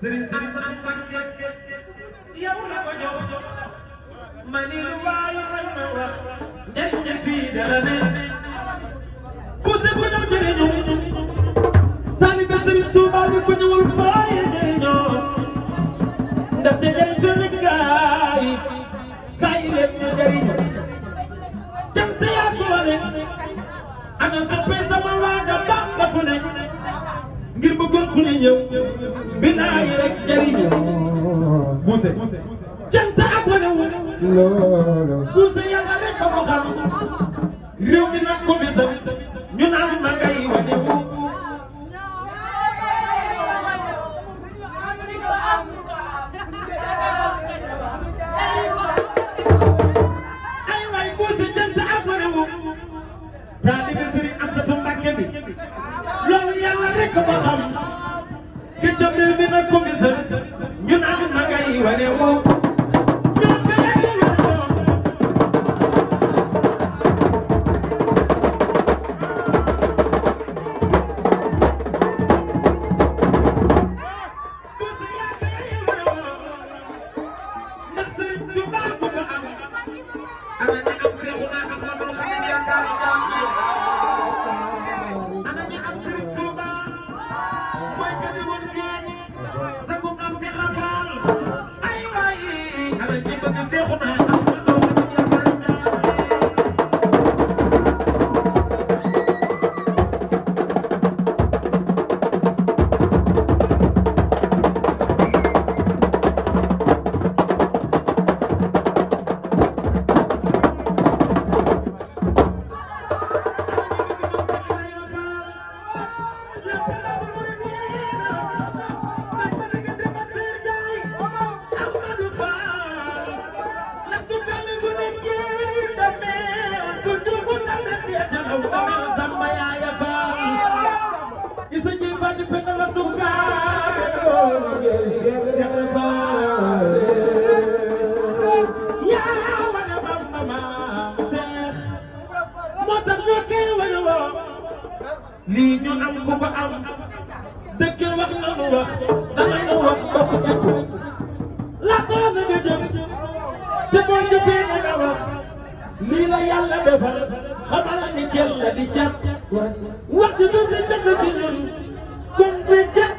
sëriñ sëriñ sëriñ Mbàkke yow la ko jox ma ni lu waayu xañ ma wax njëriñ fii dara ne ku se ko ñëw jëriñu taalibe sëriñ Tuuba bi ku ñëwul faaye jëriñoo ndaxte jëriñ suñu gaay kaay leen ñu jëriñ cant yaa ko wane ana soppee sama waa da baax ba ku ne ngir bëggoon ku ne ñëw billaahi rek jëriñu buuse cant ak wane wu buuse yàlla rek ko ko xam réew mi nag ko bisam ñu naan ma ngay wane wu ay waay buuse cant ak wane wu taalibe sëriñ Amsatu Mbàkke bi loolu yàlla rek ko ko xam جميع منكم زلزل lii ñu am ku ko am dëkk wax nanu wax danañu wax bokk jikko laataa na nga jëf te boo jëfee na wax lii la yàlla defal xamal ni jël la di jàpp wax ji dëgg jënd ci ñun kon di jàpp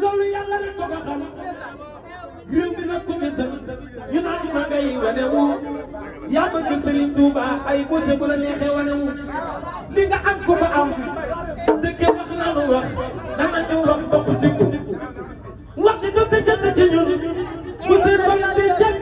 loolu yàlla rek ko ko xam réew mi nag ku fi sa ñu ma ngay wane wu yaa bëgg Serigne Touba ay bose bu la neexee wane wu li nga am ku ko am dëkk wax naanu wax dama ñu wax bokk jikko wax di jot a jënd ci ñun bu seen bopp di jënd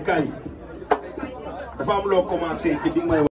kaay kaay dafa am loo commencé